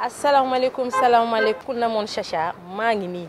asalaamaaleykum salaamaaleykum na moon Chacha maa ngi nii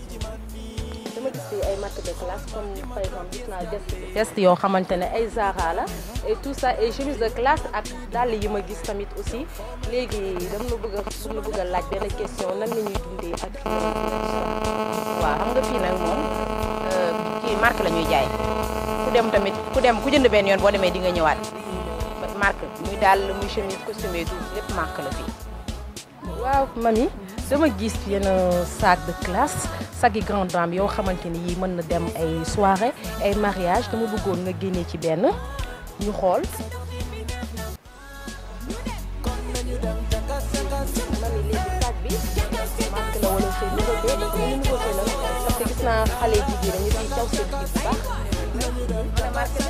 ay marque de classe comme par exemple gis yoo xamante ne ay Zara la et tout sa ay chemise de classe ak dàll yi ma gis tamit aussi léegi dama la bëgg a dama bëgg a laaj benn question nan la ñuy dundee ak waaw xam nga fii nag moom euh, kii marque lañuy jaay ku dem tamit ku dem ku jënd benn yoon boo demee di nga ñëwaat marque muy dàll muy chemise costume du lép marque la fii waaw mami dama gis yenn sac de classe sagi grande dame yo xamanteni yi dem ay soirée ay mariage dama bëggoon nga ci ben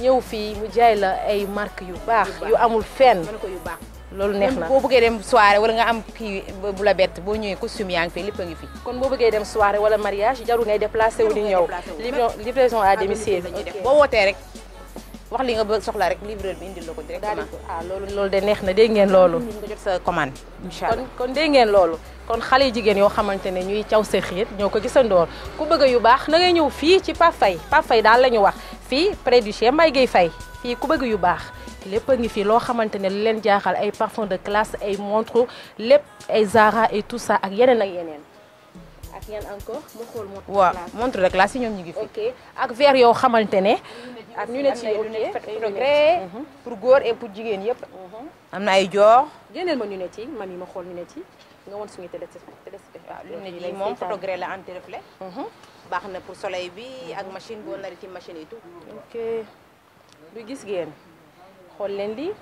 ñëw fii mu jaay la ay marque yu baax yu amul fenn loolu neex na boo bëggee dem soirée wala nga am kii bu la bett boo ñëwee costume yaa ngi fi lépp ngi fi. kon boo bëggee dem soirée wala mariage jarul ngay déplacé wu di ñëw. livraison à domicile boo wootee rek wax li nga bëgg soxla rek livreur bi indil la ko directement. ah loolu de neex na dégg ngeen loolu. nga jot sa commande. incha kon kon dégg ngeen loolu. kon xale jigéen yoo xamante ne ñuy caw sa xiir ñoo ko gisandoor ku bëgg yu baax na ngay ñëw fii ci Pafay Pafay daal la ñu wax. fi près du chez Mbaye Gueye Faye fii ku bëgg yu baax lépp a ngi fii loo xamante ne leen jaaxal ay parfum de classe ay montre lépp ay Zara et tout ça ak yeneen ak yeneen. ak yan encore mu xool montre classe waaw montre de classe yi ñoom ñu ngi fi. ok ak verre yoo xamante ne. ak lunette yi ok pour pour góor et pour jigéen yëpp. Mhm. am na ay joor. génneel ma ñu lunette yi mami ma xool lunette ci. nga woon suñu télé téléspect ah, lu moom photo gré la anti reflet mhm. baax na pour soleil bi ak machine boo nari ci machine yi tout ok du gis ngeen xool leen lii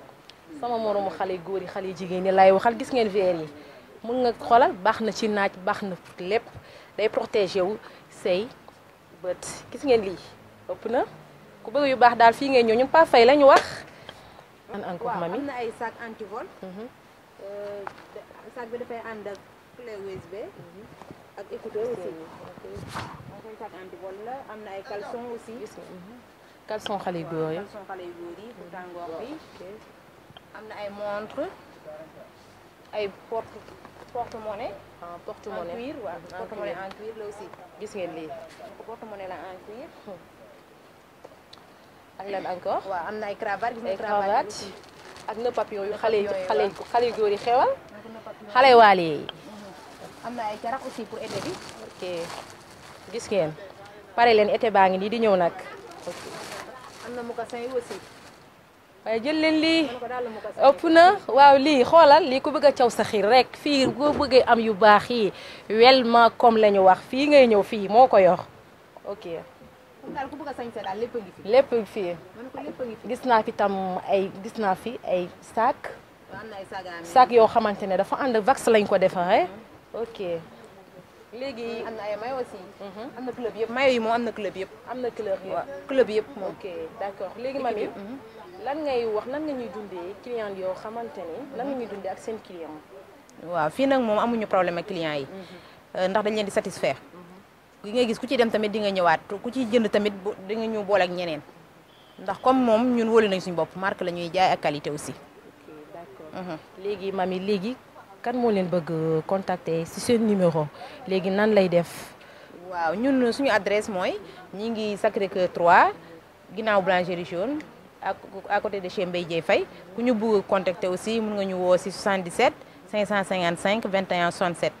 sama moroom xale góor yi xale jigéen ñi laay waxal gis ngeen verre yi mun nga xoolal baax na ci naaj baax na lépp day protégé wu say bët gis ngeen lii ëpp na ku bëgg yu baax daal fii ngeen ñëw ñun pas fay la ñu wax an encore mami am na ay sac antivol mhm. Euh, sac bi dafay ànd ak clé USB mhm. ak écouteur aussi koy sac antivol la am na ay caleçon aussi mhm. caleçon xale yu góor yi caleçon xale yu góor yi pour tàngoor bi am na ay montre ay porte porte monnaie ah, porte monnaie en cuir waaw porte monnaie en cuir la aussi gis ngeen lii porte monnaie la en cuir hmm. ak lan encore waaw am na ay cravate cravate ak na papillon yu xale yi xale yi yu góor yi xewal xale waale yi na ay carax aussi gis ngeen pare leen été baa ngi nii di ñëw nag am na mocassin yi aussi waaye jël leen lii ëpp na waaw lii xoolal lii ko bëgg a caw saxiir xiir rek fii boo bëggee am yu baax yi wel ma comme la wax fii ngay ñëw fii moo ko yor daal ku a sañse daal lépp ngi fi. lépp ngi gis naa fi tam ay gis naa fi ay sac. sac yoo xamante ne dafa ànd vax lañ ko defaree. ok léegi. am na ay mayo aussi. Mhm. am na club yëpp mayo yi moom am na club yëpp. am na club yëpp club yëpp moom. ok d'accord léegi mami mhm. lan ngay wax lan nga ñuy dundee client yoo xamante ni. lan nga ñuy dundee ak seen client. waaw fii nag moom amuñu problème ak client yi. Mhm. Euh, ndax dañ leen di satisfaire. gi ngay gis ku ci dem tamit di nga ñëwaat ku ci jënd tamit di nga ñu boole ak ñeneen ndax comme moom ñun wóolu nañ suñu bopp marque la jaay ak qualité aussi. Mhm. mami léegi kan moo leen bëgg contacter si seen numéro léegi nan lay def. waaw ñun suñu adresse mooy ñi ngi Sacré Cœur 3 ginnaaw boulangerie jaune ak à côté de chez Mbaye Dieye Faye ku ñu bëgg contacter aussi mun nga ñu woo si 77 555 21 67.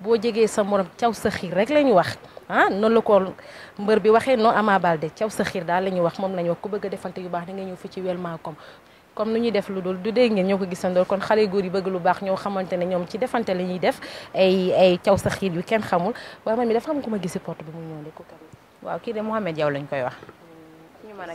boo jegee sa moroom caw sa xiir rek la ñu wax ah noonu la ko mbër bi waxee non Ama Baldé caw sa xiir daal la ñuy wax moom la ñu wax ku bëgg a defante yu baax da nga ñëw fi ci Wélma kom comme nu ñuy def lu dul du dee ngeen ñoo ko gisandoor kon xale góor yi bëgg lu baax ñoo xamante ne ñoom ci defante la ñuy def ay ay caw sa xiir yu kenn xamul waaye man mi dafa am ku ma gisi porte bi mu ñëw de ko waaw kii de Mouhamed Diaw lañ koy wax ñu mën a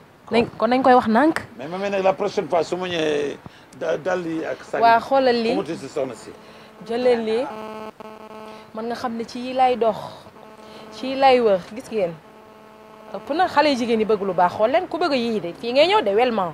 nañ kon nañ koy wax nànk. mais ma nag la prochaine fois su ma ñëwee dal lii ak. sànni waaw xoolal lii mu tudd si. jëleel lii man nga xam ne ci yi dox ci yi laay wër gis ngeen ëpp na xale jigéen yi bëgg lu baax xool leen ku bëgg yii de fii ngay ñëw de welman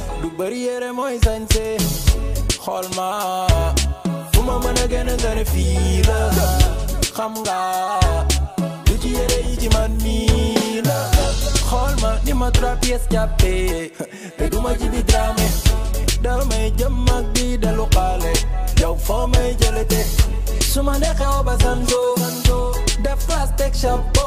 Du barrière mooy sañse xool ma fu ma mën a gën a gën a la xam nga lu ci yére yi man nii la xool ma ni ma trois pièces jàppee te du ma ci bi drame dal may jëm mag bi delu xaale yow foo may jëlete Suma ne neexee ba santo def plastique chapeau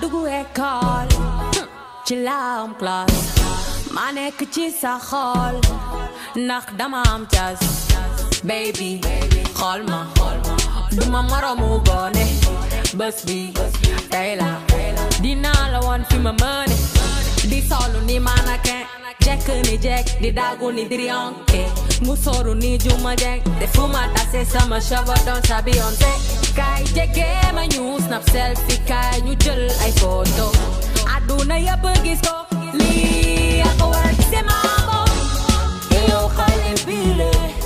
dugu a call, laa am classe ma nekk ci sa xol ndax baby xool ma duma moromu gone bés bi tey la dinaa la woon fi my money di solu ni mannequin jack ni jack, di daagu ni diriyonke musóoru ni juma jack, jekk defuma tase sama cheveux doon sa Beyoncé kaay jege ma ñu snap selfie kaay ñu jël ay photo Aduna ya gis ko lii ak war ci maamo yow xale bi